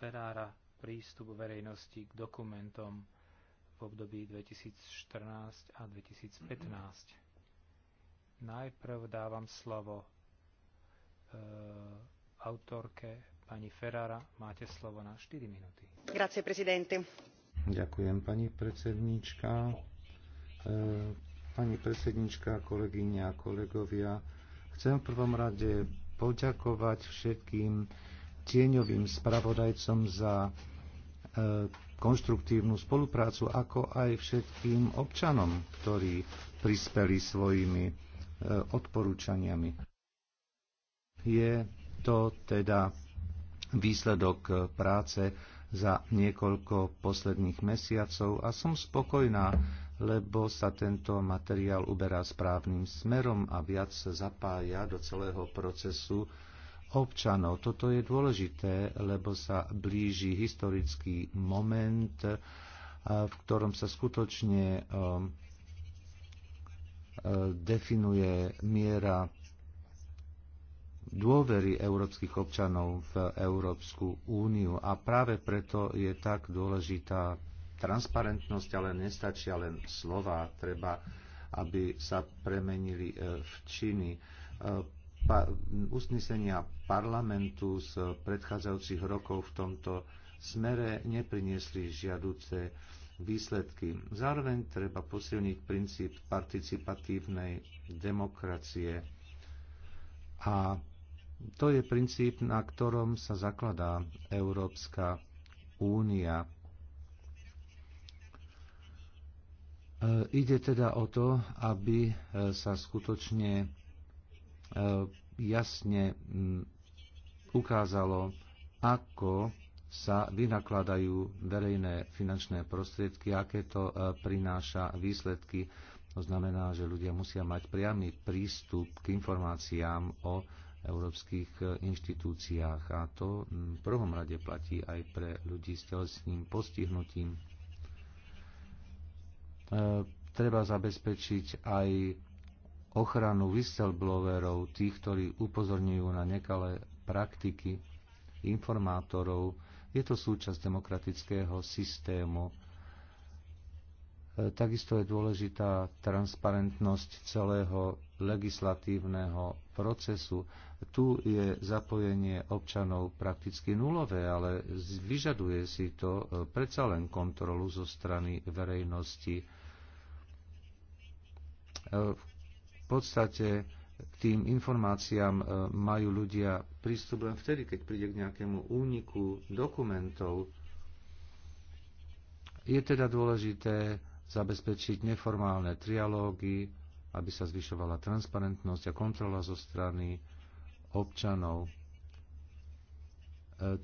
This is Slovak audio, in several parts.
Ferrara prístup verejnosti k dokumentom v období 2014 a 2015. Najprv dávam slovo e, autorke pani Ferrara. Máte slovo na 4 minúty. Grazie, prezidente. Ďakujem, pani predsednička. E, pani predsednička, kolegyňa a kolegovia, chcem v prvom rade poďakovať všetkým tieňovým spravodajcom za e, konštruktívnu spoluprácu, ako aj všetkým občanom, ktorí prispeli svojimi e, odporúčaniami. Je to teda výsledok práce za niekoľko posledných mesiacov a som spokojná, lebo sa tento materiál uberá správnym smerom a viac zapája do celého procesu občanov. Toto je dôležité, lebo sa blíži historický moment, eh, v ktorom sa skutočne eh, eh, definuje miera dôvery európskych občanov v Európsku úniu. A práve preto je tak dôležitá transparentnosť, ale nestačia len slova. Treba, aby sa premenili v činy pa, usnesenia parlamentu z predchádzajúcich rokov v tomto smere nepriniesli žiaduce výsledky. Zároveň treba posilniť princíp participatívnej demokracie a to je princíp, na ktorom sa zakladá Európska únia. E, ide teda o to, aby e, sa skutočne E, jasne ukázalo, ako sa vynakladajú verejné finančné prostriedky, aké to e, prináša výsledky. To znamená, že ľudia musia mať priamy prístup k informáciám o európskych e, inštitúciách. A to v prvom rade platí aj pre ľudí s telesným postihnutím. Treba zabezpečiť aj ochranu whistleblowerov, tých, ktorí upozorňujú na nekalé praktiky, informátorov. Je to súčasť demokratického systému. E, takisto je dôležitá transparentnosť celého legislatívneho procesu. Tu je zapojenie občanov prakticky nulové, ale vyžaduje si to e, predsa len kontrolu zo strany verejnosti. E, podstate k tým informáciám e, majú ľudia prístup len vtedy, keď príde k nejakému úniku dokumentov. Je teda dôležité zabezpečiť neformálne trialógy, aby sa zvyšovala transparentnosť a kontrola zo strany občanov. E,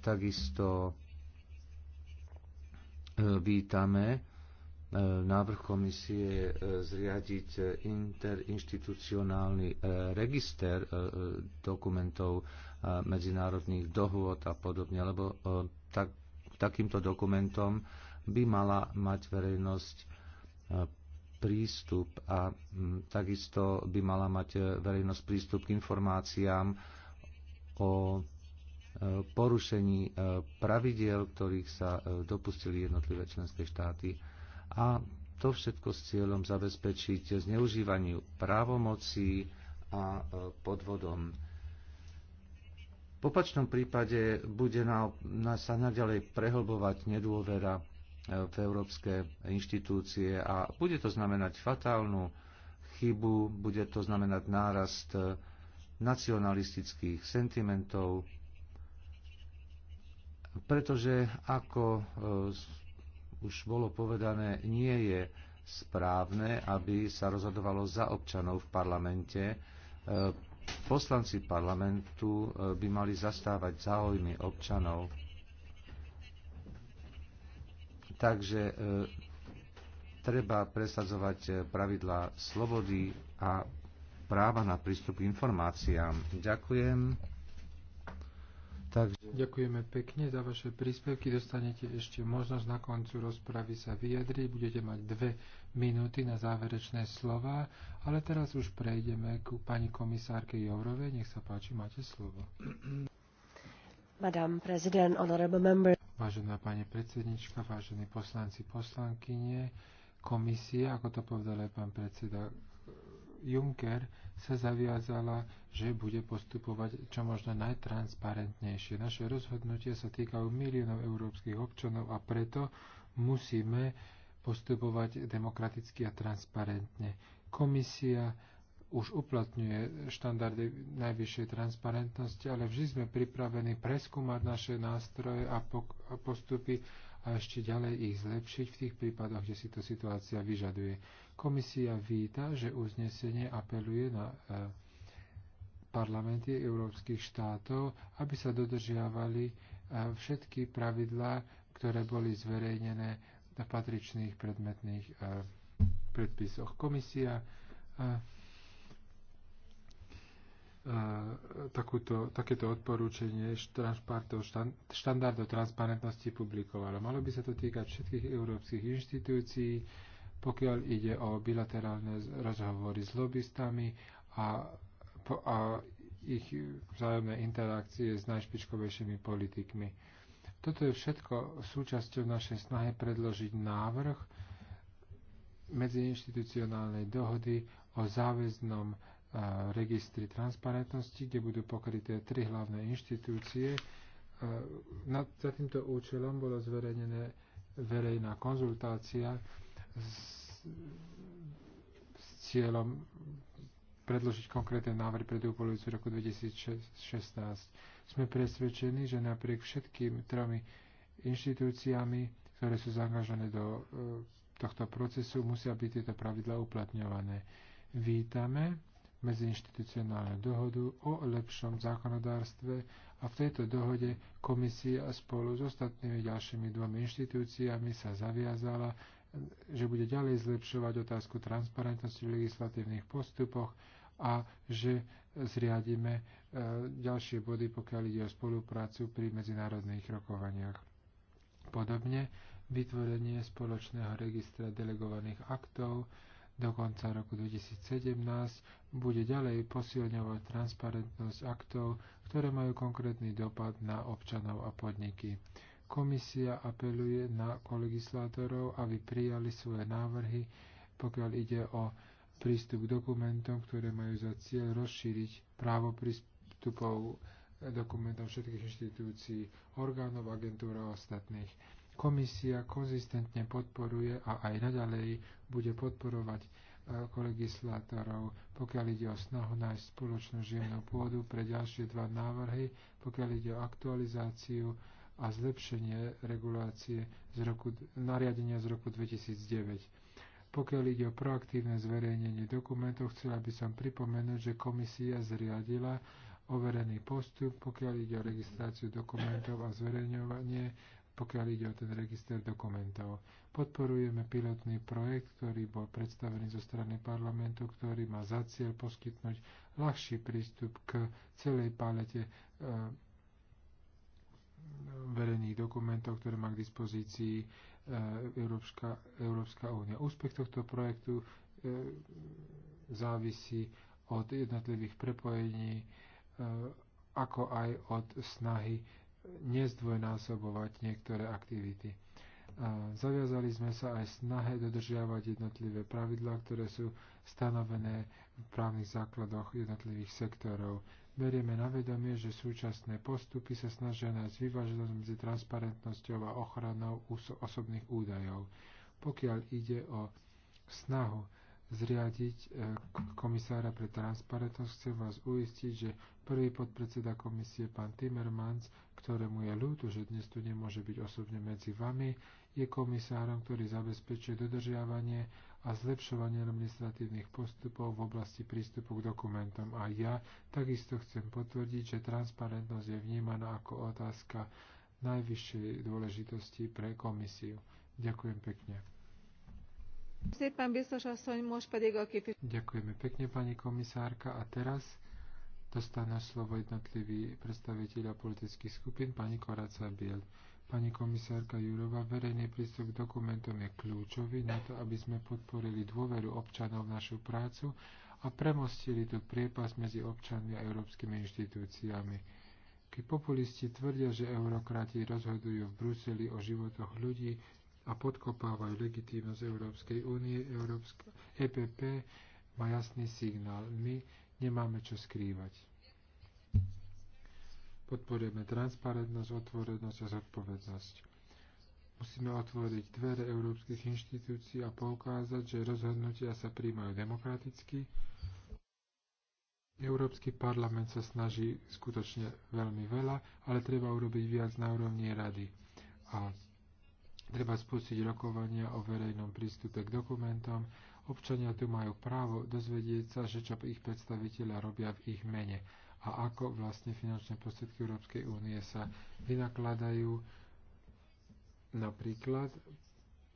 takisto e, vítame E, návrh komisie e, zriadiť interinstitucionálny e, register dokumentov medzinárodných dohôd a podobne, lebo tak, takýmto dokumentom by mala mať verejnosť prístup a takisto by mala mať verejnosť prístup k informáciám o porušení pravidiel, ktorých sa dopustili jednotlivé členské štáty a to všetko s cieľom zabezpečiť zneužívaniu právomocí a e, podvodom. V opačnom prípade bude na, na sa naďalej prehlbovať nedôvera e, v európske inštitúcie a bude to znamenať fatálnu chybu, bude to znamenať nárast e, nacionalistických sentimentov, pretože ako už bolo povedané, nie je správne, aby sa rozhodovalo za občanov v parlamente. E, poslanci parlamentu e, by mali zastávať záujmy občanov. Takže e, treba presadzovať pravidlá slobody a práva na prístup k informáciám. Ďakujem. Takže... Ďakujeme pekne za vaše príspevky. Dostanete ešte možnosť na koncu rozpravy sa vyjadriť. Budete mať dve minúty na záverečné slova, ale teraz už prejdeme ku pani komisárke Jourovej. Nech sa páči, máte slovo. President, honorable member. Vážená pani predsednička, vážení poslanci, poslankyne, komisie, ako to povedal aj pán predseda Juncker, sa zaviazala, že bude postupovať čo možno najtransparentnejšie. Naše rozhodnutia sa týkajú miliónov európskych občanov a preto musíme postupovať demokraticky a transparentne. Komisia už uplatňuje štandardy najvyššej transparentnosti, ale vždy sme pripravení preskúmať naše nástroje a, a postupy a ešte ďalej ich zlepšiť v tých prípadoch, kde si to situácia vyžaduje. Komisia víta, že uznesenie apeluje na eh, parlamenty európskych štátov, aby sa dodržiavali eh, všetky pravidlá, ktoré boli zverejnené na patričných predmetných eh, predpisoch. Komisia takúto, takéto odporúčanie štandardov transparentnosti publikovalo. Malo by sa to týkať všetkých európskych inštitúcií, pokiaľ ide o bilaterálne rozhovory s lobbystami a, a ich vzájomné interakcie s najšpičkovejšími politikmi. Toto je všetko súčasťou našej snahy predložiť návrh medziinstitucionálnej dohody o záväznom e, registri transparentnosti, kde budú pokryté tri hlavné inštitúcie. E, za týmto účelom bolo zverejnená verejná konzultácia, s, cieľom predložiť konkrétne návrhy pre polovicu roku 2016. Sme presvedčení, že napriek všetkým tromi inštitúciami, ktoré sú zaangažované do e, tohto procesu, musia byť tieto pravidla uplatňované. Vítame medziinstitucionálnu dohodu o lepšom zákonodárstve a v tejto dohode komisia spolu s ostatnými ďalšími dvomi inštitúciami sa zaviazala, že bude ďalej zlepšovať otázku transparentnosti v legislatívnych postupoch a že zriadíme e, ďalšie body, pokiaľ ide o spoluprácu pri medzinárodných rokovaniach. Podobne vytvorenie spoločného registra delegovaných aktov, do konca roku 2017 bude ďalej posilňovať transparentnosť aktov, ktoré majú konkrétny dopad na občanov a podniky. Komisia apeluje na kolegislátorov, aby prijali svoje návrhy, pokiaľ ide o prístup k dokumentom, ktoré majú za cieľ rozšíriť právo prístupov dokumentov všetkých inštitúcií, orgánov, agentúr a ostatných. Komisia konzistentne podporuje a aj naďalej bude podporovať e, kolegislátorov, pokiaľ ide o snahu nájsť spoločnú žiemnú pôdu pre ďalšie dva návrhy, pokiaľ ide o aktualizáciu a zlepšenie regulácie z roku, nariadenia z roku 2009. Pokiaľ ide o proaktívne zverejnenie dokumentov, chcela by som pripomenúť, že komisia zriadila overený postup, pokiaľ ide o registráciu dokumentov a zverejňovanie pokiaľ ide o ten register dokumentov. Podporujeme pilotný projekt, ktorý bol predstavený zo strany parlamentu, ktorý má za cieľ poskytnúť ľahší prístup k celej palete e, verejných dokumentov, ktoré má k dispozícii e, Európska, Európska únia. Úspech tohto projektu e, závisí od jednotlivých prepojení, e, ako aj od snahy nezdvojnásobovať niektoré aktivity. A zaviazali sme sa aj snahe dodržiavať jednotlivé pravidlá, ktoré sú stanovené v právnych základoch jednotlivých sektorov. Berieme na vedomie, že súčasné postupy sa snažia nájsť vyváženosť medzi transparentnosťou a ochranou osobných údajov. Pokiaľ ide o snahu zriadiť e, komisára pre transparentnosť. Chcem vás uistiť, že prvý podpredseda komisie, pán Timmermans, ktorému je ľúto, že dnes tu nemôže byť osobne medzi vami, je komisárom, ktorý zabezpečuje dodržiavanie a zlepšovanie administratívnych postupov v oblasti prístupu k dokumentom. A ja takisto chcem potvrdiť, že transparentnosť je vnímaná ako otázka najvyššej dôležitosti pre komisiu. Ďakujem pekne. Ďakujeme pekne, pani komisárka. A teraz dostane slovo jednotlivý predstaviteľa politických skupín, pani Koraca Biel. Pani komisárka Jurova, verejný prístup k dokumentom je kľúčový na to, aby sme podporili dôveru občanov v našu prácu a premostili tú priepas medzi občanmi a európskymi inštitúciami. Keď populisti tvrdia, že eurokrati rozhodujú v Bruseli o životoch ľudí, a podkopávajú legitímnosť Európskej únie. Európska, EPP má jasný signál. My nemáme čo skrývať. Podporujeme transparentnosť, otvorenosť a zodpovednosť. Musíme otvoriť dvere európskych inštitúcií a poukázať, že rozhodnutia sa príjmajú demokraticky. Európsky parlament sa snaží skutočne veľmi veľa, ale treba urobiť viac na úrovni rady. A Treba spustiť rokovania o verejnom prístupe k dokumentom. Občania tu majú právo dozvedieť sa, že čo ich predstaviteľa robia v ich mene a ako vlastne finančné prostriedky Európskej únie sa vynakladajú napríklad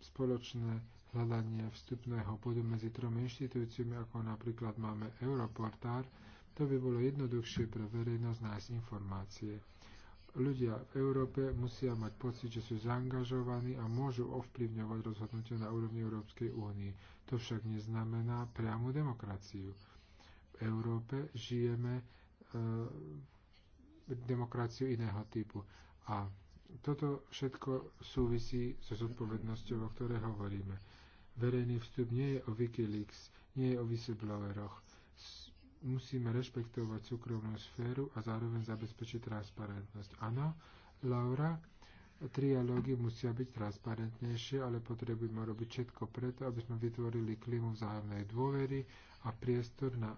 spoločné hľadanie vstupného bodu medzi tromi inštitúciami, ako napríklad máme Europortár, to by bolo jednoduchšie pre verejnosť nájsť informácie. Ľudia v Európe musia mať pocit, že sú zaangažovaní a môžu ovplyvňovať rozhodnutia na úrovni Európskej únie. To však neznamená priamu demokraciu. V Európe žijeme e, demokraciu iného typu. A toto všetko súvisí so zodpovednosťou, o ktorej hovoríme. Verejný vstup nie je o Wikileaks, nie je o whistlebloweroch musíme rešpektovať súkromnú sféru a zároveň zabezpečiť transparentnosť. Áno, Laura, trialógy musia byť transparentnejšie, ale potrebujeme robiť všetko preto, aby sme vytvorili klímu vzájomnej dôvery a priestor na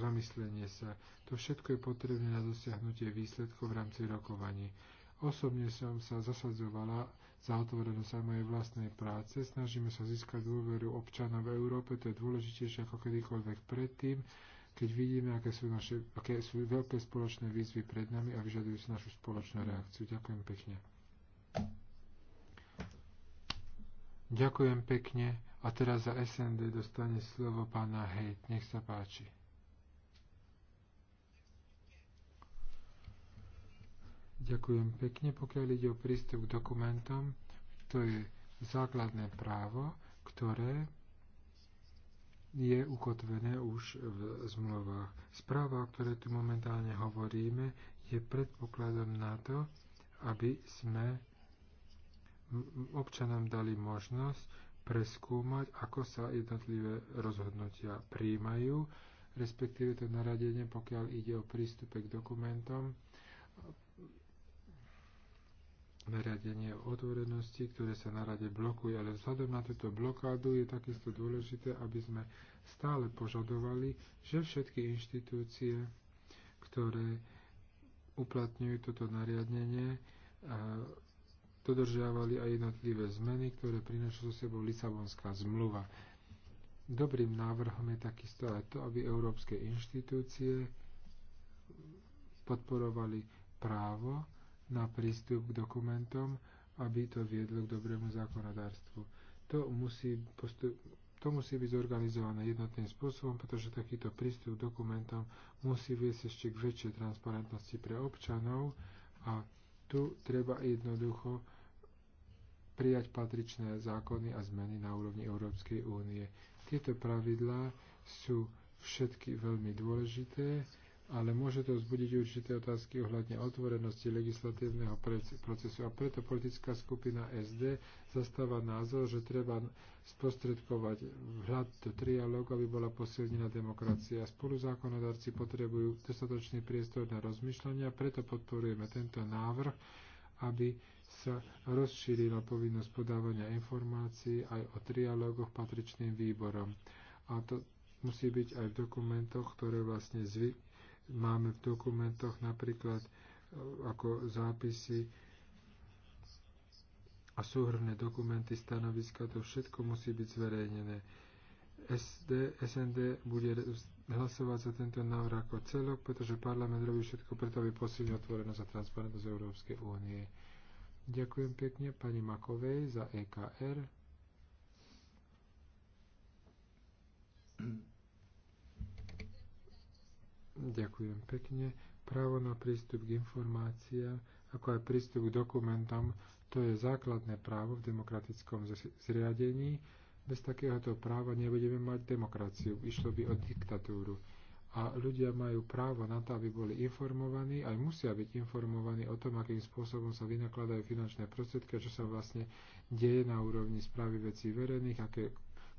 zamyslenie sa. To všetko je potrebné na dosiahnutie výsledkov v rámci rokovaní. Osobne som sa zasadzovala za otvorenosť aj mojej vlastnej práce. Snažíme sa získať dôveru občanov v Európe, to je dôležitejšie ako kedykoľvek predtým keď vidíme, aké sú, naše, aké sú veľké spoločné výzvy pred nami a vyžadujú si našu spoločnú reakciu. Ďakujem pekne. Ďakujem pekne a teraz za SND dostane slovo pána Hejt. Nech sa páči. Ďakujem pekne, pokiaľ ide o prístup k dokumentom, to je základné právo, ktoré je ukotvené už v zmluvách. Správa, o ktorej tu momentálne hovoríme, je predpokladom na to, aby sme občanom dali možnosť preskúmať, ako sa jednotlivé rozhodnutia príjmajú, respektíve to naradenie, pokiaľ ide o prístupe k dokumentom, nariadenie otvorenosti, ktoré sa na rade blokuje, ale vzhľadom na túto blokádu je takisto dôležité, aby sme stále požadovali, že všetky inštitúcie, ktoré uplatňujú toto nariadenie, e, dodržiavali aj jednotlivé zmeny, ktoré prináša so sebou Lisabonská zmluva. Dobrým návrhom je takisto aj to, aby európske inštitúcie podporovali právo na prístup k dokumentom, aby to viedlo k dobrému zákonodárstvu. To musí, postup, to musí byť zorganizované jednotným spôsobom, pretože takýto prístup k dokumentom musí viesť ešte k väčšej transparentnosti pre občanov a tu treba jednoducho prijať patričné zákony a zmeny na úrovni Európskej únie. Tieto pravidlá sú všetky veľmi dôležité ale môže to vzbudiť určité otázky ohľadne otvorenosti legislatívneho procesu. A preto politická skupina SD zastáva názor, že treba sprostredkovať vhľad do trialógu, aby bola posilnená demokracia. Spoluzákonodarci potrebujú dostatočný priestor na rozmýšľanie a preto podporujeme tento návrh, aby sa rozšírila povinnosť podávania informácií aj o trialógoch patričným výborom. A to musí byť aj v dokumentoch, ktoré vlastne zvy máme v dokumentoch napríklad eh, ako zápisy a súhrné dokumenty, stanoviska, to všetko musí byť zverejnené. SD, SND bude hlasovať za tento návrh ako celok, pretože parlament robí všetko preto, aby posilnil otvorenosť a transparentnosť Európskej únie. Ďakujem pekne pani Makovej za EKR. Ďakujem pekne. Právo na prístup k informáciám, ako aj prístup k dokumentom, to je základné právo v demokratickom zriadení. Bez takéhoto práva nebudeme mať demokraciu. Išlo by o diktatúru. A ľudia majú právo na to, aby boli informovaní, aj musia byť informovaní o tom, akým spôsobom sa vynakladajú finančné prostriedky, čo sa vlastne deje na úrovni správy vecí verejných, aké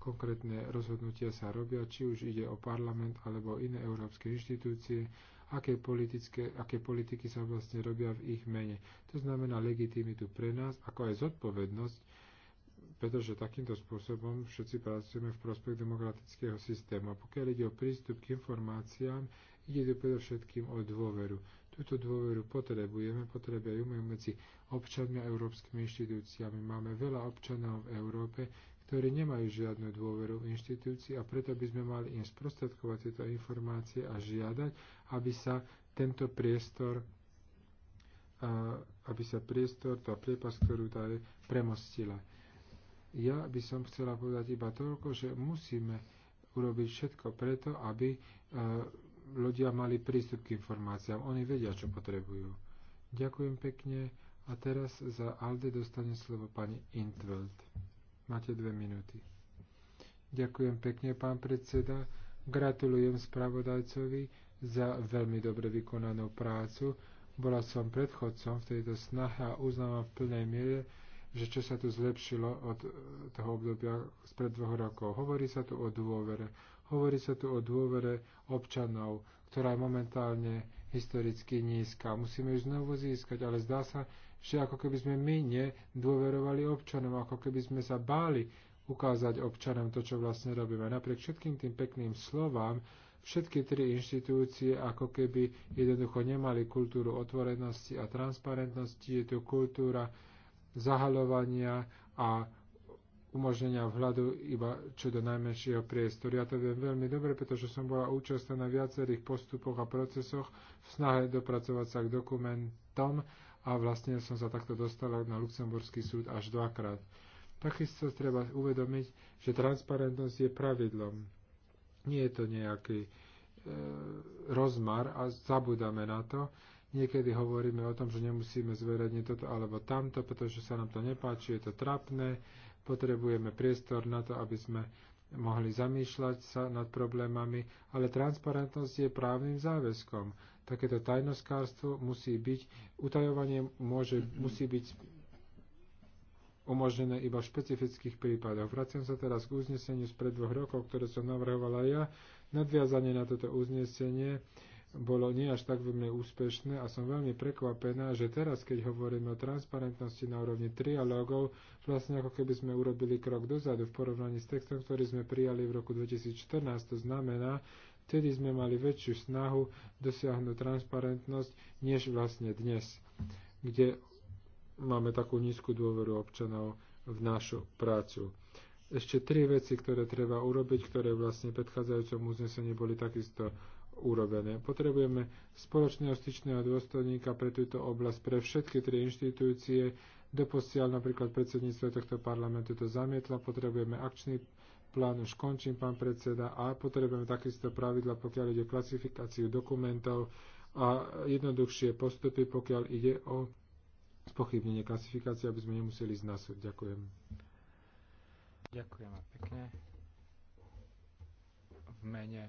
konkrétne rozhodnutia sa robia, či už ide o parlament alebo iné európske inštitúcie, aké, politické, aké politiky sa vlastne robia v ich mene. To znamená legitimitu pre nás, ako aj zodpovednosť, pretože takýmto spôsobom všetci pracujeme v prospech demokratického systému. A pokiaľ ide o prístup k informáciám, ide tu predovšetkým o dôveru. Túto dôveru potrebujeme, potrebujeme medzi občanmi a európskymi inštitúciami. Máme veľa občanov v Európe, ktorí nemajú žiadnu dôveru v inštitúcii a preto by sme mali im sprostredkovať tieto informácie a žiadať, aby sa tento priestor aby sa priestor, tá priepas, ktorú tá je, premostila. Ja by som chcela povedať iba toľko, že musíme urobiť všetko preto, aby e, ľudia mali prístup k informáciám. Oni vedia, čo potrebujú. Ďakujem pekne a teraz za Alde dostane slovo pani Intveld. Máte dve minúty. Ďakujem pekne, pán predseda. Gratulujem spravodajcovi za veľmi dobre vykonanú prácu. Bola som predchodcom v tejto snahe a uznávam v plnej miere, že čo sa tu zlepšilo od toho obdobia spred dvoch rokov. Hovorí sa tu o dôvere. Hovorí sa tu o dôvere občanov, ktorá je momentálne historicky nízka. Musíme ju znovu získať, ale zdá sa, že ako keby sme my nedôverovali občanom, ako keby sme sa báli ukázať občanom to, čo vlastne robíme. Napriek všetkým tým pekným slovám, všetky tri inštitúcie ako keby jednoducho nemali kultúru otvorenosti a transparentnosti. Je tu kultúra zahalovania a umožnenia vhľadu iba čo do najmenšieho priestoru. Ja to viem veľmi dobre, pretože som bola účastná na viacerých postupoch a procesoch v snahe dopracovať sa k dokumentom a vlastne som sa takto dostala na Luxemburský súd až dvakrát. Takisto treba uvedomiť, že transparentnosť je pravidlom. Nie je to nejaký e, rozmar a zabudáme na to. Niekedy hovoríme o tom, že nemusíme zverejniť toto alebo tamto, pretože sa nám to nepáči, je to trapné Potrebujeme priestor na to, aby sme mohli zamýšľať sa nad problémami, ale transparentnosť je právnym záväzkom. Takéto tajnoskárstvo musí byť, utajovanie môže, musí byť umožnené iba v špecifických prípadoch. Vraciam sa teraz k uzneseniu z pred dvoch rokov, ktoré som navrhovala ja. Nadviazanie na toto uznesenie bolo nie až tak veľmi úspešné a som veľmi prekvapená, že teraz, keď hovoríme o transparentnosti na úrovni trialógov, vlastne ako keby sme urobili krok dozadu v porovnaní s textom, ktorý sme prijali v roku 2014, to znamená, vtedy sme mali väčšiu snahu dosiahnuť transparentnosť, než vlastne dnes, kde máme takú nízku dôveru občanov v našu prácu ešte tri veci, ktoré treba urobiť, ktoré vlastne v predchádzajúcom uznesení boli takisto urobené. Potrebujeme spoločného styčného dôstojníka pre túto oblasť, pre všetky tri inštitúcie. Doposiaľ napríklad predsedníctvo tohto parlamentu to zamietla, potrebujeme akčný plán, už končím, pán predseda, a potrebujeme takisto pravidla, pokiaľ ide o klasifikáciu dokumentov a jednoduchšie postupy, pokiaľ ide o spochybnenie klasifikácie, aby sme nemuseli ísť na súd. Ďakujem. Ďakujeme pekne. V mene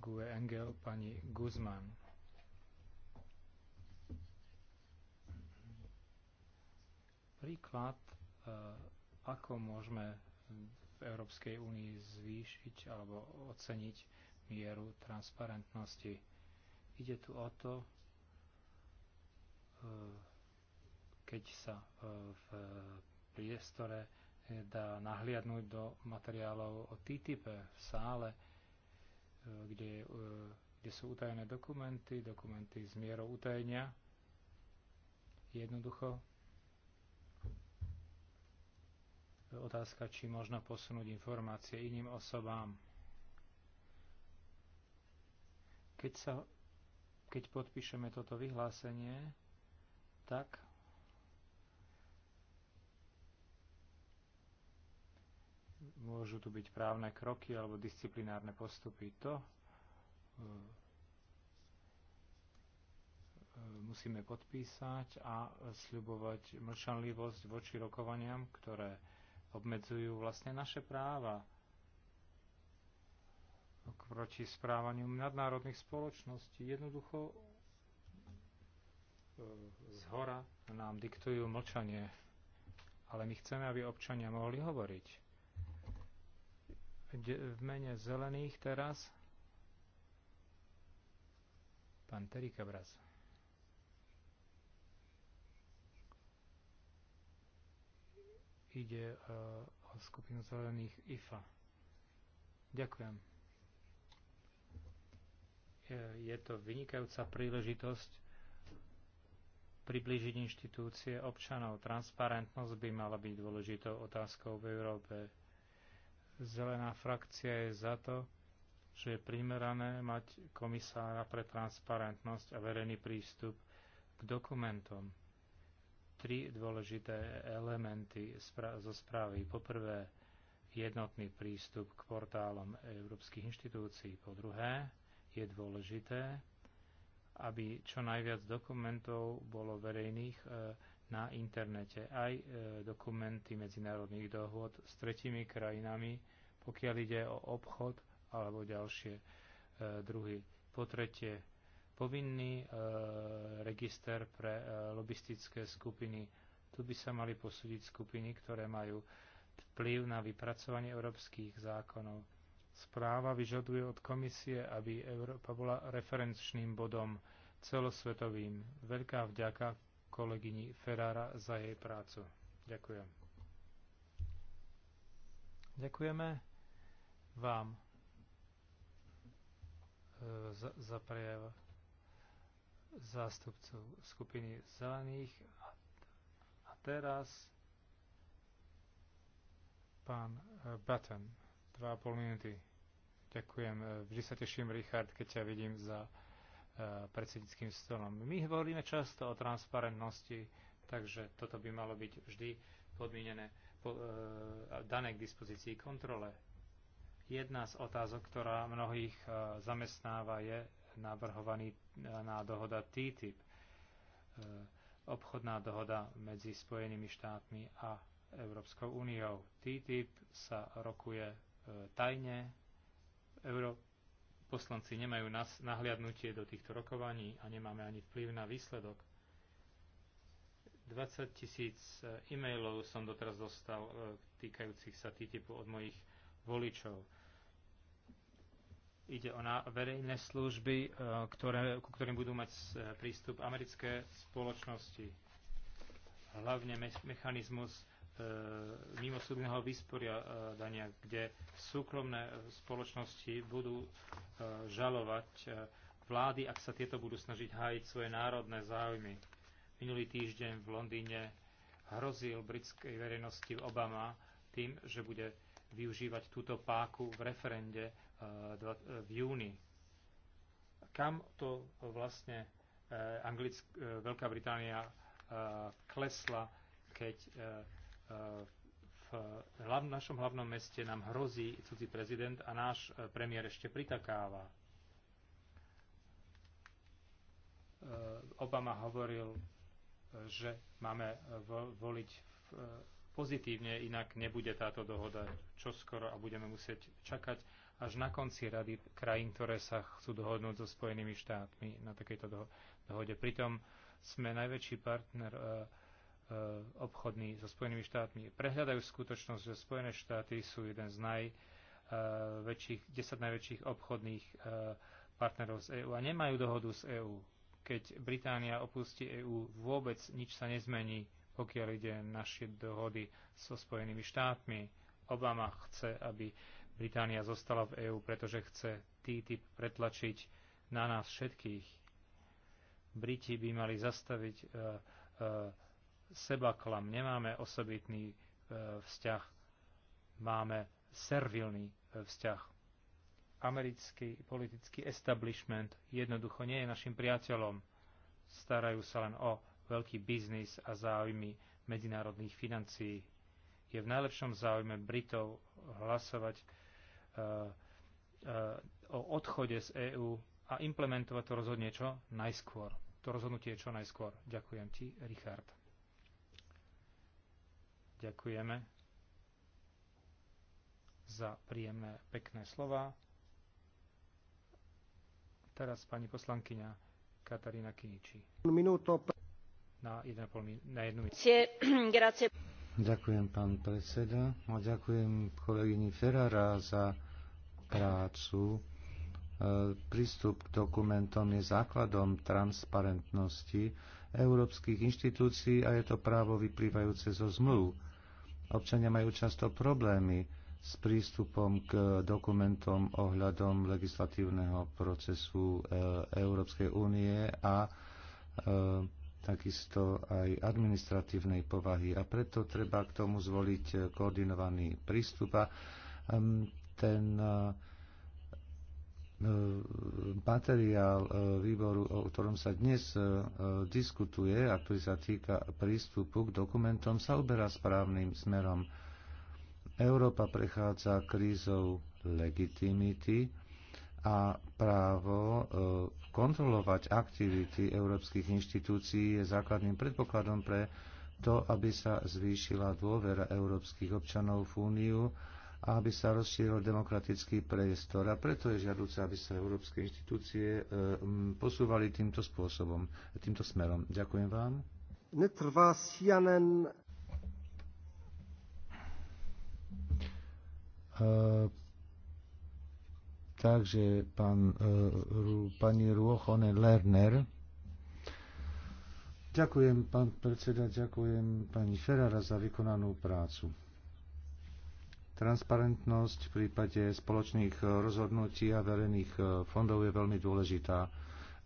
GUE Engel pani Guzman. Príklad, eh, ako môžeme v Európskej únii zvýšiť alebo oceniť mieru transparentnosti. Ide tu o to, eh, keď sa eh, v priestore dá nahliadnúť do materiálov o TTIP v sále, kde, e, kde sú utajené dokumenty, dokumenty s mierou utajenia. Jednoducho otázka, či možno posunúť informácie iným osobám. Keď, sa, keď podpíšeme toto vyhlásenie, tak môžu tu byť právne kroky alebo disciplinárne postupy. To e, e, musíme podpísať a sľubovať mlčanlivosť voči rokovaniam, ktoré obmedzujú vlastne naše práva proti správaniu nadnárodných spoločností. Jednoducho e, z hora nám diktujú mlčanie, ale my chceme, aby občania mohli hovoriť v mene zelených teraz pán Terika Braz. Ide e, o skupinu zelených IFA. Ďakujem. E, je to vynikajúca príležitosť priblížiť inštitúcie občanov. Transparentnosť by mala byť dôležitou otázkou v Európe Zelená frakcia je za to, že je primerané mať komisára pre transparentnosť a verejný prístup k dokumentom. Tri dôležité elementy zo správy. Po prvé, jednotný prístup k portálom európskych inštitúcií. Po druhé, je dôležité, aby čo najviac dokumentov bolo verejných e, na internete aj e, dokumenty medzinárodných dohôd s tretimi krajinami, pokiaľ ide o obchod alebo ďalšie e, druhy. Po tretie, povinný e, register pre lobistické skupiny. Tu by sa mali posúdiť skupiny, ktoré majú vplyv na vypracovanie európskych zákonov. Správa vyžaduje od komisie, aby Európa bola referenčným bodom celosvetovým. Veľká vďaka kolegyni Ferrara za jej prácu. Ďakujem. Ďakujeme vám e, za, za prejav zástupcov skupiny zelených. A, a teraz pán e, Batten, 2,5 minúty. Ďakujem. E, vždy sa teším, Richard, keď ťa vidím za Eh, predsedníckým stolom. My hovoríme často o transparentnosti, takže toto by malo byť vždy podmienené, po, e, dané k dispozícii kontrole. Jedna z otázok, ktorá mnohých e, zamestnáva, je navrhovaný na dohoda TTIP, e, obchodná dohoda medzi Spojenými štátmi a Európskou úniou. TTIP sa rokuje e, tajne, Euró- Poslanci nemajú nás nahliadnutie do týchto rokovaní a nemáme ani vplyv na výsledok. 20 tisíc eh, e-mailov som doteraz dostal eh, týkajúcich sa TTIPu od mojich voličov. Ide o verejné služby, eh, ktoré, ku ktorým budú mať prístup americké spoločnosti. Hlavne mechanizmus E, mimosúdneho vysporiadania, e, kde súkromné spoločnosti budú e, žalovať vlády, ak sa tieto budú snažiť hájiť svoje národné záujmy. Minulý týždeň v Londýne hrozil britskej verejnosti Obama tým, že bude využívať túto páku v referende v júni. Kam to vlastne Anglick, Veľká Británia klesla, keď v našom hlavnom meste nám hrozí cudzí prezident a náš e, premiér ešte pritakáva. E, Obama hovoril, že máme e, voliť pozitívne, inak nebude táto dohoda čoskoro a budeme musieť čakať až na konci rady krajín, ktoré sa chcú dohodnúť so Spojenými štátmi na takejto dohode. Pritom sme najväčší partner E, obchodný so Spojenými štátmi. Prehľadajú skutočnosť, že Spojené štáty sú jeden z najväčších, e, 10 najväčších obchodných e, partnerov z EÚ a nemajú dohodu z EÚ. Keď Británia opustí EÚ, vôbec nič sa nezmení, pokiaľ ide naše dohody so Spojenými štátmi. Obama chce, aby Británia zostala v EÚ, pretože chce TTIP pretlačiť na nás všetkých. Briti by mali zastaviť uh, uh, seba klam, nemáme osobitný e, vzťah, máme servilný e, vzťah. Americký politický establishment jednoducho nie je našim priateľom. Starajú sa len o veľký biznis a záujmy medzinárodných financií. Je v najlepšom záujme Britov hlasovať uh, uh, o odchode z EÚ a implementovať to rozhodne čo najskôr. To rozhodnutie je čo najskôr. Ďakujem ti, Richard. Ďakujeme za príjemné, pekné slova. Teraz pani poslankyňa Katarína Kiniči. Na Na jednu Ďakujem, pán predseda. A ďakujem kolegyni Ferrara za prácu. E, prístup k dokumentom je základom transparentnosti európskych inštitúcií a je to právo vyplývajúce zo zmluv. Občania majú často problémy s prístupom k dokumentom ohľadom legislatívneho procesu e, Európskej únie a e, takisto aj administratívnej povahy. A preto treba k tomu zvoliť koordinovaný prístup. A ten e, E, materiál e, výboru, o ktorom sa dnes e, diskutuje a ktorý sa týka prístupu k dokumentom, sa uberá správnym smerom. Európa prechádza krízou legitimity a právo kontrolovať aktivity európskych inštitúcií je základným predpokladom pre to, aby sa zvýšila dôvera európskych občanov v úniu a aby sa rozšíril demokratický priestor. A preto je žiaduce, aby sa európske inštitúcie e, posúvali týmto spôsobom, týmto smerom. Ďakujem vám. Netrvá sianen... Uh, takže pán, uh, pani Ruochone Lerner. Ďakujem, pán predseda, ďakujem pani Ferrara za vykonanú prácu. Transparentnosť v prípade spoločných eh, rozhodnutí a verejných eh, fondov je veľmi dôležitá,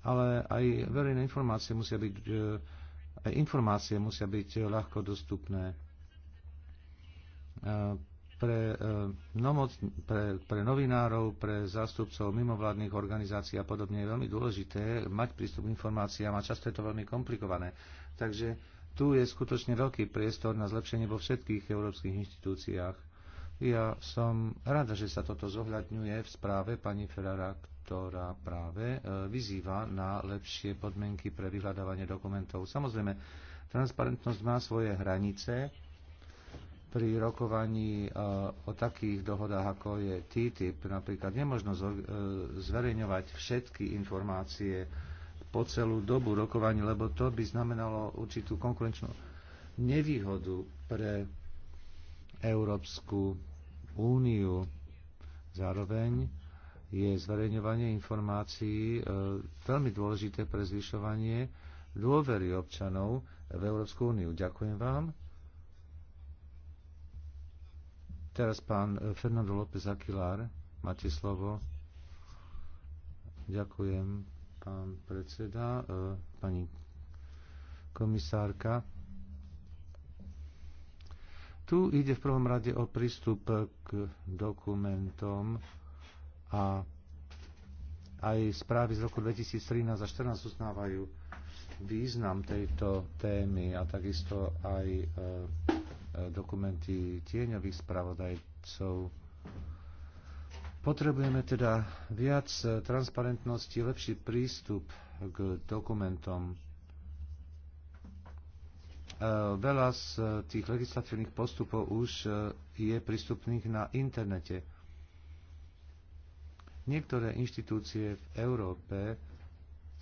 ale aj verejné informácie musia byť, eh, aj informácie musia byť ľahko dostupné. Pre, pre, pre novinárov, pre zástupcov mimovládnych organizácií a podobne je veľmi dôležité mať prístup k informáciám a často je to veľmi komplikované. Takže tu je skutočne veľký priestor na zlepšenie vo všetkých európskych inštitúciách ja som rada, že sa toto zohľadňuje v správe pani Ferrara, ktorá práve e, vyzýva na lepšie podmienky pre vyhľadávanie dokumentov. Samozrejme, transparentnosť má svoje hranice pri rokovaní e, o takých dohodách, ako je TTIP. Napríklad nemožno e, zverejňovať všetky informácie po celú dobu rokovaní, lebo to by znamenalo určitú konkurenčnú nevýhodu pre európsku úniu. Zároveň je zverejňovanie informácií e, veľmi dôležité pre zvyšovanie dôvery občanov v Európsku úniu. Ďakujem vám. Teraz pán e, Fernando López Aquilar, máte slovo. Ďakujem, pán predseda, e, pani komisárka. Tu ide v prvom rade o prístup k dokumentom a aj správy z roku 2013 a 2014 uznávajú význam tejto témy a takisto aj e, e, dokumenty tieňových spravodajcov. Potrebujeme teda viac e, transparentnosti, lepší prístup k dokumentom E, veľa z e, tých legislatívnych postupov už e, je prístupných na internete. Niektoré inštitúcie v Európe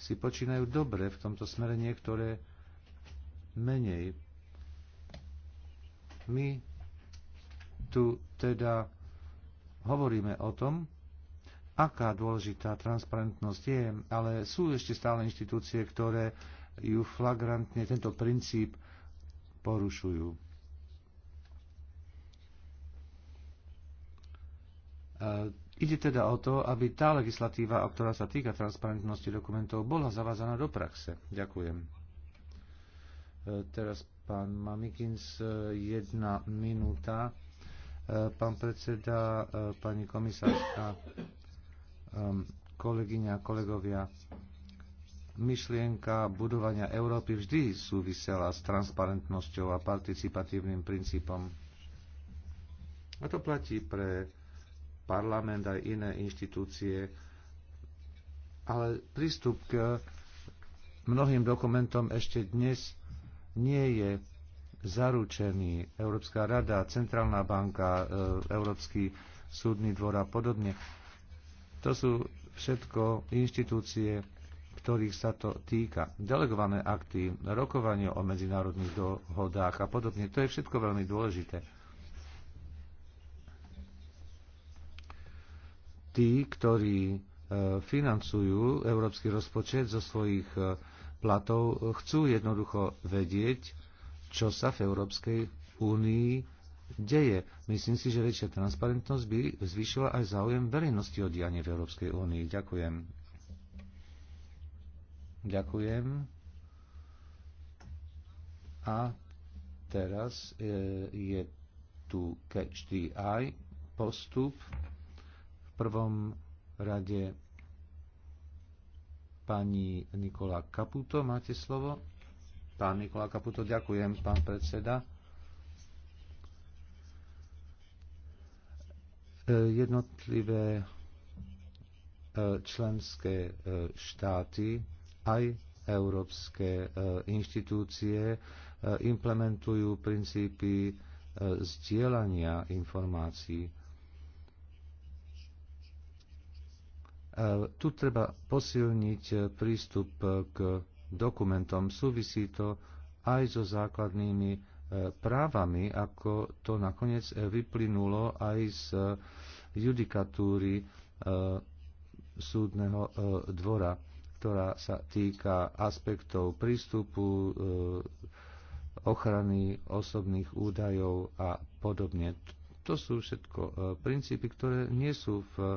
si počínajú dobre v tomto smere, niektoré menej. My tu teda hovoríme o tom, aká dôležitá transparentnosť je, ale sú ešte stále inštitúcie, ktoré ju flagrantne tento princíp porušujú. E, Ide teda o to, aby tá legislatíva, ktorá sa týka transparentnosti dokumentov, bola zavázaná do praxe. Ďakujem. E, Teraz pán Mamikins, e, jedna minúta. E, Pán predseda, e, pani komisárka, e, kolegyňa, kolegovia, myšlienka budovania Európy vždy súvisela s transparentnosťou a participatívnym princípom. A to platí pre parlament aj iné inštitúcie, ale prístup k mnohým dokumentom ešte dnes nie je zaručený. Európska rada, Centrálna banka, e, Európsky súdny dvor a podobne. To sú všetko inštitúcie, ktorých sa to týka. Delegované akty, rokovanie o medzinárodných dohodách a podobne, to je všetko veľmi dôležité. Tí, ktorí e, financujú európsky rozpočet zo svojich e, platov, chcú jednoducho vedieť, čo sa v Európskej únii deje. Myslím si, že väčšia transparentnosť by zvýšila aj záujem verejnosti o dianie v Európskej únii. Ďakujem. Ďakujem. A teraz e, je tu catch the eye postup. V prvom rade pani Nikola Kaputo, máte slovo? Pán Nikola Kaputo, ďakujem, pán predseda. E, jednotlivé e, členské štáty aj európske e, inštitúcie e, implementujú princípy e, zdieľania informácií. Tu treba posilniť prístup k dokumentom. Súvisí to aj so základnými právami, ako to nakoniec vyplynulo aj z judikatúry súdneho dvora ktorá sa týka aspektov prístupu, e, ochrany osobných údajov a podobne. To sú všetko e, princípy, ktoré nie sú v e,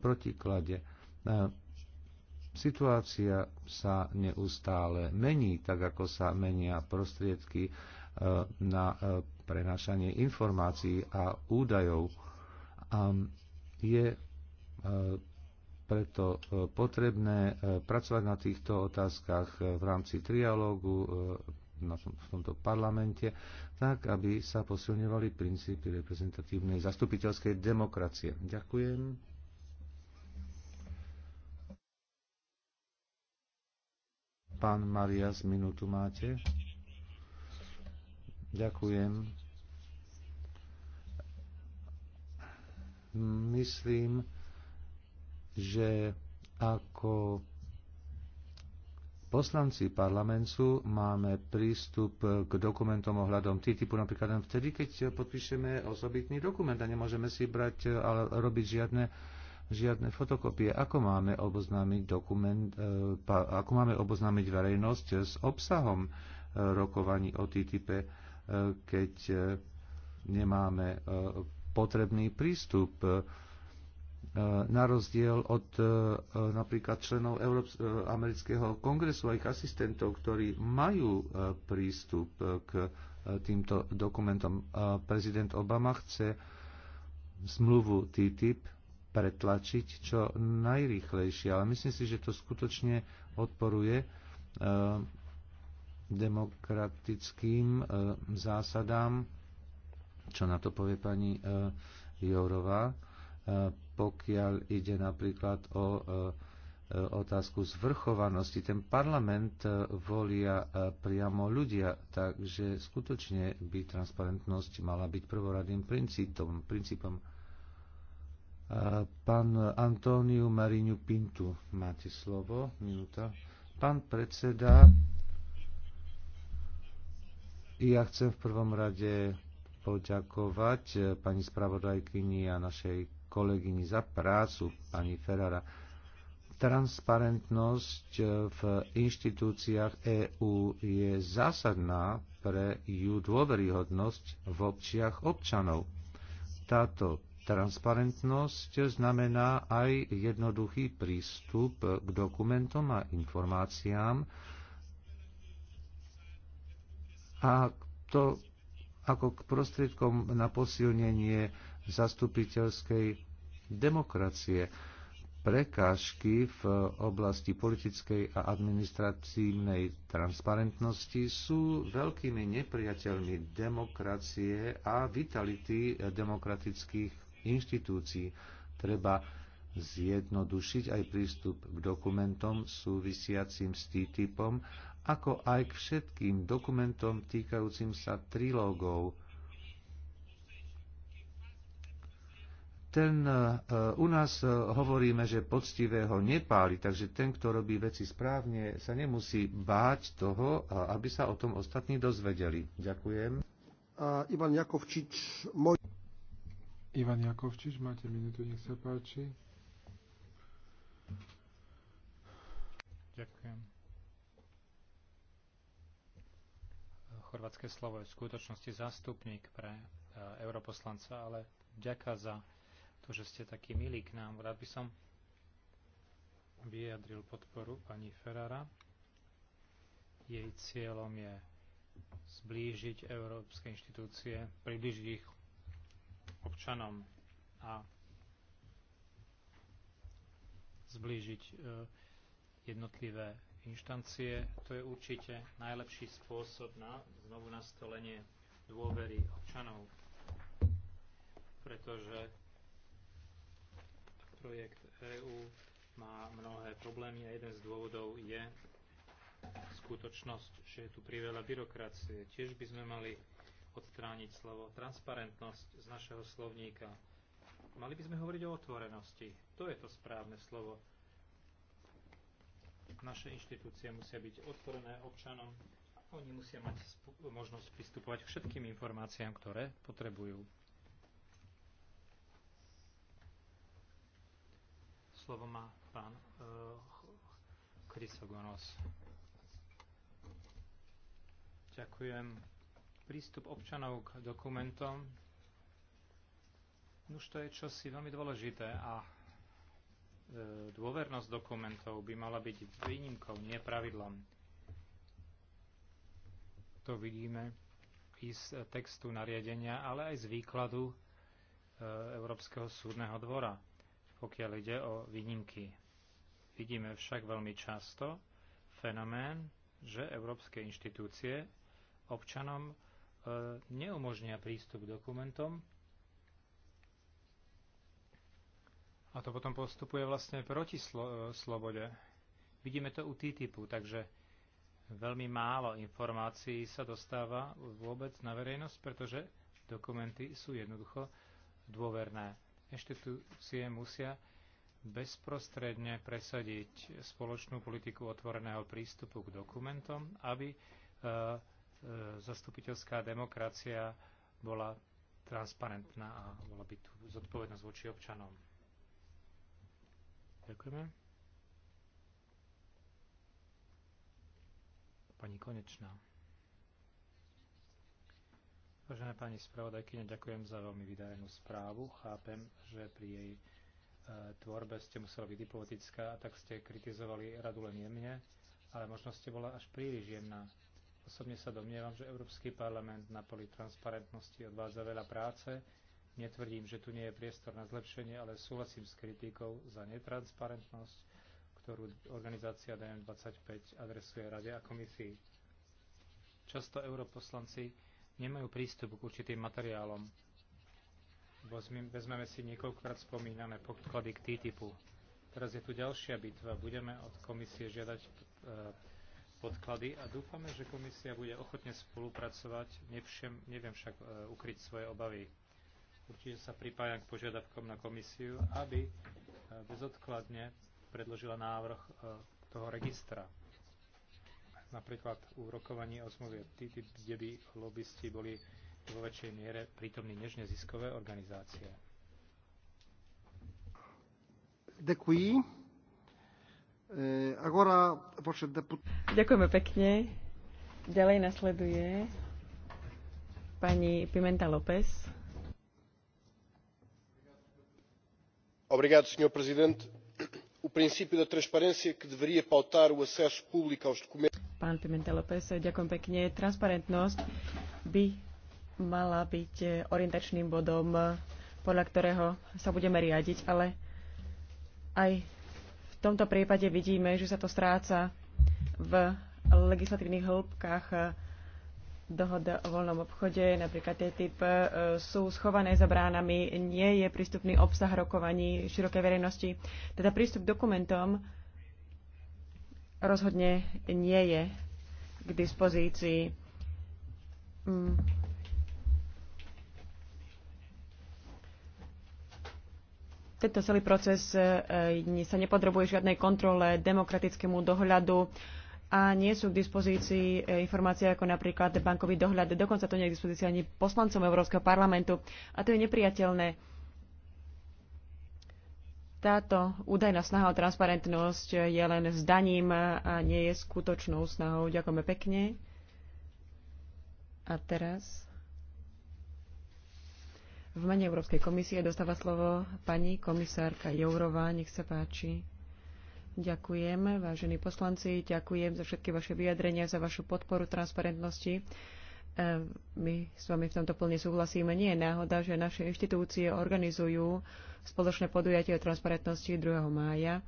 protiklade. Situácia sa neustále mení, tak ako sa menia prostriedky na prenášanie informácií a údajov. je preto e, potrebné e, pracovať na týchto otázkach e, v rámci trialógu v tomto parlamente, tak aby sa posilňovali princípy reprezentatívnej zastupiteľskej demokracie. Ďakujem. Pán Marias, minútu máte. Ďakujem. Myslím, že ako poslanci parlamentu máme prístup k dokumentom ohľadom TTIPu napríklad len vtedy, keď podpíšeme osobitný dokument a nemôžeme si brať ale robiť žiadne žiadne fotokopie. Ako máme oboznámiť dokument, e, ako máme oboznámiť verejnosť s obsahom e, rokovaní o TTIP, e, keď nemáme potrebný prístup E, na rozdiel od e, e, napríklad členov Európs- amerického kongresu a ich asistentov, ktorí majú prístup k týmto dokumentom. Prezident Obama chce zmluvu TTIP pretlačiť čo najrýchlejšie, ale myslím si, že to skutočne odporuje demokratickým zásadám, čo na to povie pani Jourová pokiaľ ide napríklad o e, otázku zvrchovanosti. Ten parlament e, volia e, priamo ľudia, takže skutočne by transparentnosť mala byť prvoradým princípom. princípom. Pán Antóniu Mariňu Pintu, máte slovo, minúta. Pán predseda, ja chcem v prvom rade poďakovať pani spravodajkyni a našej kolegyni za prácu, pani Ferrara. Transparentnosť eh, v inštitúciách EÚ je zásadná pre ju dôveryhodnosť v občiach občanov. Táto transparentnosť znamená aj jednoduchý prístup k dokumentom a informáciám a to ako k prostriedkom na posilnenie zastupiteľskej demokracie. Prekážky v oblasti politickej a administratívnej transparentnosti sú veľkými nepriateľmi demokracie a vitality demokratických inštitúcií. Treba zjednodušiť aj prístup k dokumentom súvisiacim s TTIPom, ako aj k všetkým dokumentom týkajúcim sa trilógov ten e, u nás e, hovoríme, že poctivého nepáli, takže ten, kto robí veci správne, sa nemusí báť toho, aby sa o tom ostatní dozvedeli. Ďakujem. Uh, Ivan Jakovčič, môj... Ivan Jakovčič, máte minútu, nech sa páči. Ďakujem. Chorvatské slovo je v skutočnosti zástupník pre e, europoslanca, ale ďaká za to, že ste takí milí k nám. Rád by som vyjadril podporu pani Ferrara. Jej cieľom je zblížiť európske inštitúcie, približiť ich občanom a zblížiť e, jednotlivé inštancie. To je určite najlepší spôsob na znovu nastolenie dôvery občanov, pretože projekt EÚ má mnohé problémy a jeden z dôvodov je skutočnosť, že je tu priveľa byrokracie. Tiež by sme mali odstrániť slovo transparentnosť z našeho slovníka. Mali by sme hovoriť o otvorenosti. To je to správne slovo. Naše inštitúcie musia byť otvorené občanom. Oni musia mať možnosť pristupovať k všetkým informáciám, ktoré potrebujú. Slovo má pán e, Chrysogonos. Ďakujem. Prístup občanov k dokumentom. Už to je čosi veľmi dôležité a e, dôvernosť dokumentov by mala byť výnimkou, nie pravidlom. To vidíme i z textu nariadenia, ale aj z výkladu e, Európskeho súdneho dvora pokiaľ ide o výnimky. Vidíme však veľmi často fenomén, že európske inštitúcie občanom e, neumožnia prístup k dokumentom a to potom postupuje vlastne proti slo- e, slobode. Vidíme to u TTIPu, takže veľmi málo informácií sa dostáva vôbec na verejnosť, pretože dokumenty sú jednoducho dôverné inštitúcie musia bezprostredne presadiť spoločnú politiku otvoreného prístupu k dokumentom, aby e, e, zastupiteľská demokracia bola transparentná a bola by tu zodpovednosť voči občanom. Ďakujeme. Pani Konečná. Vážená pani spravodajkyňa, ďakujem za veľmi vydarenú správu. Chápem, že pri jej e, tvorbe ste museli byť diplomatická, tak ste kritizovali radu len jemne, ale možno ste bola až príliš jemná. Osobne sa domnievam, že Európsky parlament na poli transparentnosti odvádza veľa práce. Netvrdím, že tu nie je priestor na zlepšenie, ale súhlasím s kritikou za netransparentnosť, ktorú organizácia DM25 adresuje Rade a komisii. Často europoslanci nemajú prístup k určitým materiálom. Vezmeme si niekoľkokrát spomínané podklady k TTIPu. Teraz je tu ďalšia bitva. Budeme od komisie žiadať e, podklady a dúfame, že komisia bude ochotne spolupracovať. Nevšem, neviem však e, ukryť svoje obavy. Určite sa pripájam k požiadavkom na komisiu, aby e, bezodkladne predložila návrh toho registra napríklad u rokovaní o zmluve TTIP, kde by lobbysti boli vo väčšej miere prítomní než neziskové organizácie. Eh, Ďakujeme pekne. Ďalej nasleduje pani Pimenta López. Obrigado, senhor presidente o princípio da transparência que deveria pautar o acesso público aos documentos. Pán Pimentel López, ďakujem pekne. Transparentnosť by mala byť eh, orientačným bodom, eh, podľa ktorého sa budeme riadiť, ale aj v tomto prípade vidíme, že sa to stráca v legislatívnych hĺbkach eh, dohoda o voľnom obchode, napríklad TTIP, e, sú schované za bránami, nie je prístupný obsah rokovaní širokej verejnosti. Teda prístup k dokumentom rozhodne nie je k dispozícii. Mm. Tento celý proces e, e, sa nepodrobuje žiadnej kontrole, demokratickému dohľadu a nie sú k dispozícii e, informácie ako napríklad bankový dohľad. Dokonca to nie je k dispozícii ani poslancom Európskeho parlamentu. A to je nepriateľné. Táto údajná snaha o transparentnosť je len zdaním a nie je skutočnou snahou. Ďakujeme pekne. A teraz v mene Európskej komisie dostáva slovo pani komisárka Jourová. Nech sa páči. Ďakujem, vážení poslanci, ďakujem za všetky vaše vyjadrenia, za vašu podporu transparentnosti. E, my s vami v tomto plne súhlasíme. Nie je náhoda, že naše inštitúcie organizujú spoločné podujatie o transparentnosti 2. mája,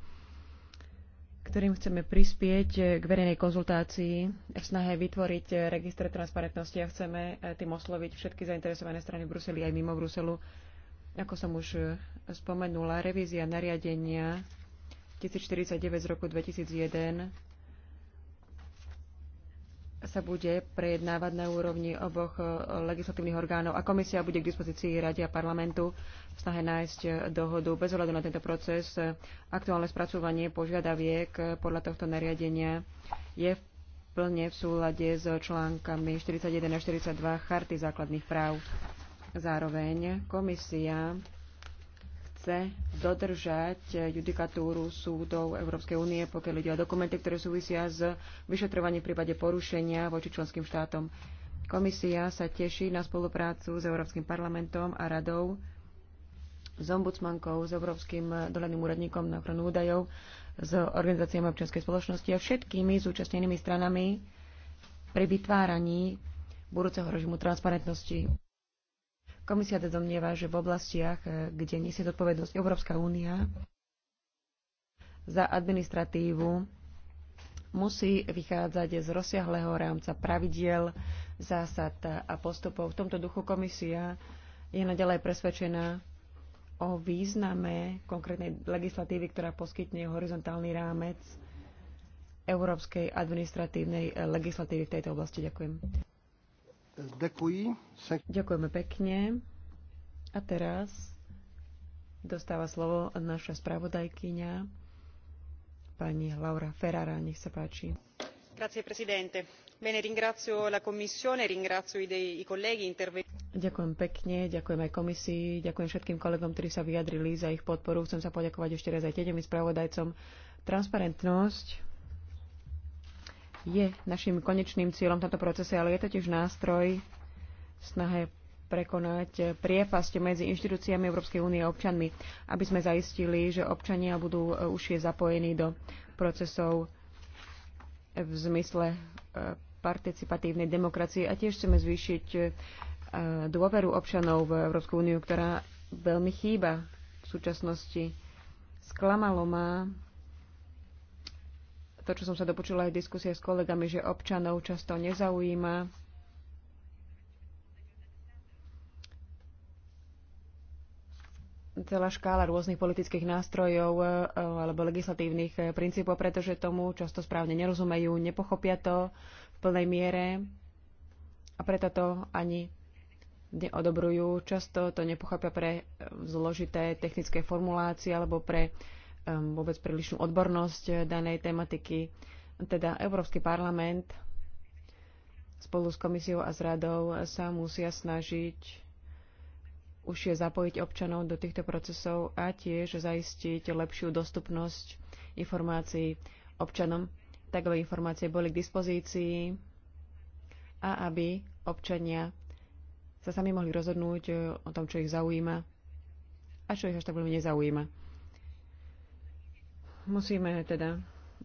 ktorým chceme prispieť k verejnej konzultácii v snahe vytvoriť registre transparentnosti a chceme e, tým osloviť všetky zainteresované strany v Bruseli aj mimo Bruselu. Ako som už e, spomenula, revízia nariadenia 1049 z roku 2001 sa bude prejednávať na úrovni oboch eh, legislatívnych orgánov a komisia bude k dispozícii Rade a parlamentu v snahe nájsť eh, dohodu. Bez ohľadu na tento proces, eh, aktuálne spracovanie požiadaviek podľa tohto nariadenia je plne v súlade s článkami 41 a 42 Charty základných práv. Zároveň komisia chce dodržať judikatúru súdov Európskej únie, pokiaľ ide o dokumenty, ktoré súvisia s vyšetrovaním v prípade porušenia voči členským štátom. Komisia sa teší na spoluprácu s Európskym parlamentom a radou, s ombudsmankou, s Európskym dohľadným úradníkom na ochranu údajov, s organizáciami občianskej spoločnosti a všetkými zúčastnenými stranami pri vytváraní budúceho režimu transparentnosti. Komisia teda domnieva, že v oblastiach, eh, kde nesie zodpovednosť Európska únia za administratívu, musí vychádzať z rozsiahleho rámca pravidiel, zásad a postupov. V tomto duchu komisia je naďalej presvedčená o význame konkrétnej legislatívy, ktorá poskytne horizontálny rámec európskej administratívnej legislatívy v tejto oblasti. Ďakujem. Ďakujeme pekne. A teraz dostáva slovo naša spravodajkyňa, pani Laura Ferrara. Nech sa páči. Ďakujem pekne, ďakujem aj komisii, ďakujem všetkým kolegom, ktorí sa vyjadrili za ich podporu. Chcem sa poďakovať ešte raz aj tedemi spravodajcom. Transparentnosť je našim konečným cieľom tento proces, ale je to tiež nástroj snahe prekonať priepasť medzi inštitúciami Európskej únie a občanmi, aby sme zaistili, že občania budú e, užšie zapojení do procesov v zmysle e, participatívnej demokracie a tiež chceme zvýšiť e, dôveru občanov v Európsku úniu, ktorá veľmi chýba v súčasnosti. Sklamalo ma, to, čo som sa dopočula aj diskusie s kolegami, že občanov často nezaujíma. celá škála rôznych politických nástrojov e, alebo legislatívnych e, princípov, pretože tomu často správne nerozumejú, nepochopia to v plnej miere a preto to ani neodobrujú. Často to nepochopia pre e, zložité technické formulácie alebo pre uh, Um, vôbec prílišnú odbornosť eh, danej tematiky. Teda Európsky parlament spolu s komisiou a s radou sa musia snažiť už je zapojiť občanov do týchto procesov a tiež zaistiť lepšiu dostupnosť informácií občanom, tak aby informácie boli k dispozícii a aby občania sa sami mohli rozhodnúť eh, o tom, čo ich zaujíma a čo ich až tak veľmi nezaujíma. Musíme teda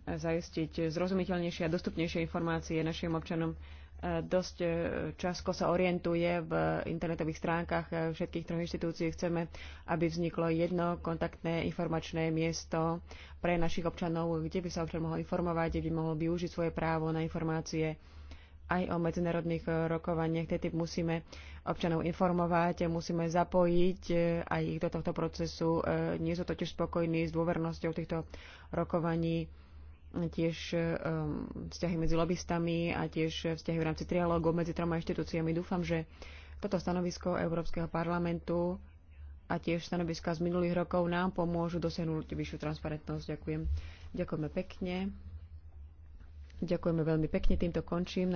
zaistiť zrozumiteľnejšie a dostupnejšie informácie našim občanom. E, dosť e, časko sa orientuje v internetových stránkach e, všetkých troch inštitúcií. Chceme, aby vzniklo jedno kontaktné informačné miesto pre našich občanov, kde by sa občan mohol informovať, kde by mohol využiť svoje právo na informácie aj o medzinárodných e, rokovaniach TTIP musíme občanov informovať, musíme zapojiť e, aj ich do tohto procesu. E, nie sú totiž spokojní s dôvernosťou týchto rokovaní tiež um, vzťahy medzi lobbystami a tiež vzťahy v rámci trialógu medzi troma inštitúciami. Dúfam, že toto stanovisko Európskeho parlamentu a tiež stanoviska z minulých rokov nám pomôžu dosiahnuť vyššiu transparentnosť. Ďakujem. Ďakujeme pekne. Ďakujeme veľmi pekne. Týmto končím